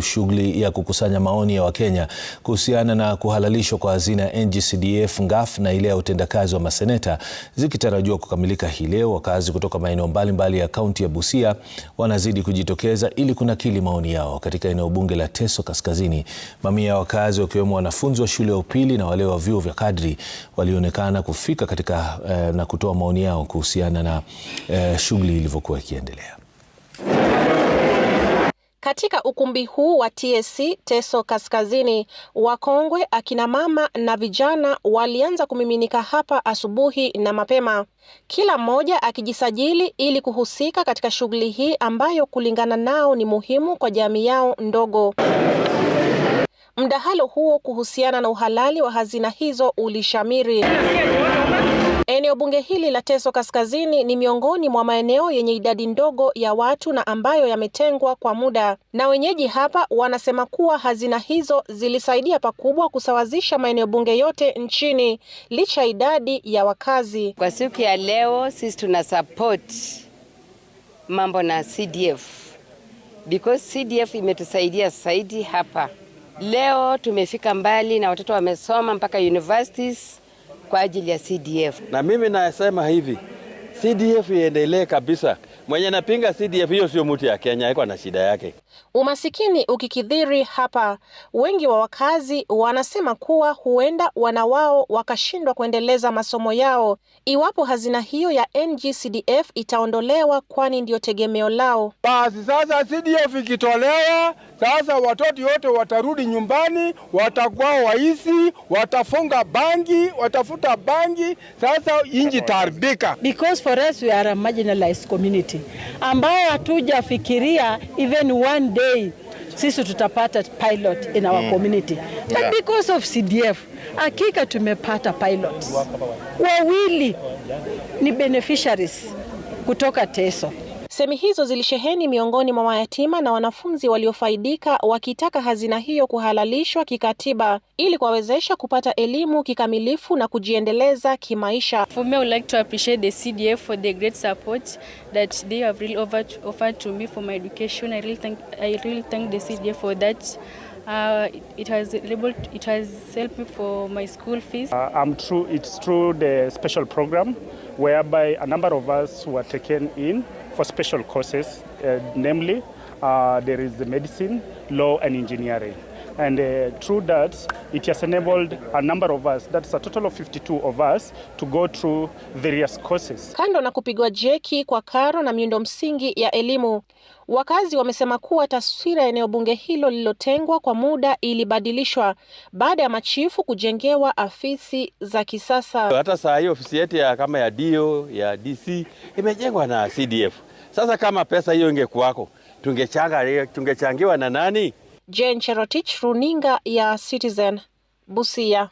shughuli ya kukusanya maoni ya Wakenya kuhusiana na kuhalalishwa kwa hazina ya NGCDF, NGAF na ile ya utendakazi wa maseneta zikitarajiwa kukamilika hii leo. Wakazi kutoka maeneo mbalimbali ya kaunti ya Busia wanazidi kujitokeza ili kunakili maoni yao. Katika eneo bunge la Teso Kaskazini, mamia ya wakazi wakiwemo wanafunzi wa shule ya upili na wale wa vyuo vya kadri walionekana kufika katika eh, na kutoa maoni yao kuhusiana na eh, shughuli ilivyokuwa ikiendelea. Katika ukumbi huu wa TSC Teso Kaskazini, wakongwe, akina mama na vijana walianza kumiminika hapa asubuhi na mapema, kila mmoja akijisajili ili kuhusika katika shughuli hii ambayo kulingana nao ni muhimu kwa jamii yao ndogo. Mdahalo huo kuhusiana na uhalali wa hazina hizo ulishamiri. Eneo bunge hili la Teso Kaskazini ni miongoni mwa maeneo yenye idadi ndogo ya watu na ambayo yametengwa kwa muda, na wenyeji hapa wanasema kuwa hazina hizo zilisaidia pakubwa kusawazisha maeneo bunge yote nchini licha idadi ya wakazi. Kwa siku ya leo sisi tuna support mambo na CDF because CDF imetusaidia zaidi hapa. Leo tumefika mbali na watoto wamesoma mpaka universities kwa ajili ya CDF. Na mimi nasema hivi CDF iendelee kabisa. Mwenye napinga CDF hiyo sio mtu ya Kenya, iko na shida yake. Umasikini ukikidhiri hapa, wengi wa wakazi wanasema kuwa huenda wana wao wakashindwa kuendeleza masomo yao iwapo hazina hiyo ya ngcdf itaondolewa, kwani ndio tegemeo lao. Basi sasa CDF ikitolewa, sasa watoto wote watarudi nyumbani, watakuwa waisi, watafunga bangi, watafuta bangi, sasa inji taribika. Because for us we are a marginalized community ambayo hatujafikiria even one day sisi tutapata pilot in our mm. community but yeah. because of CDF hakika tumepata pilots wawili ni beneficiaries kutoka Teso. Semi hizo zilisheheni miongoni mwa mayatima na wanafunzi waliofaidika wakitaka hazina hiyo kuhalalishwa kikatiba ili kuwawezesha kupata elimu kikamilifu na kujiendeleza kimaisha. For me, I would like to appreciate the CDF for the great support that they have really offered to me for my education. I really thank, I really thank the CDF for that. Uh, it has able, it has helped me for my school fees. Uh, I'm through, it's through the special program whereby a number of us were taken in for special courses, uh, namely uh, there is the medicine, law and engineering and uh, through that it has enabled a number of us that's a total of 52 of us to go through various courses. Kando na kupigwa jeki kwa karo na miundo msingi ya elimu, wakazi wamesema kuwa taswira ya eneo bunge hilo lililotengwa kwa muda ilibadilishwa baada ya machifu kujengewa afisi za kisasa. Hata saa hii ofisi yetu ya kama ya dio ya DC imejengwa na CDF. Sasa kama pesa hiyo ingekuwako tungechangiwa na nani? Jane Cherotich, runinga ya Citizen, Busia.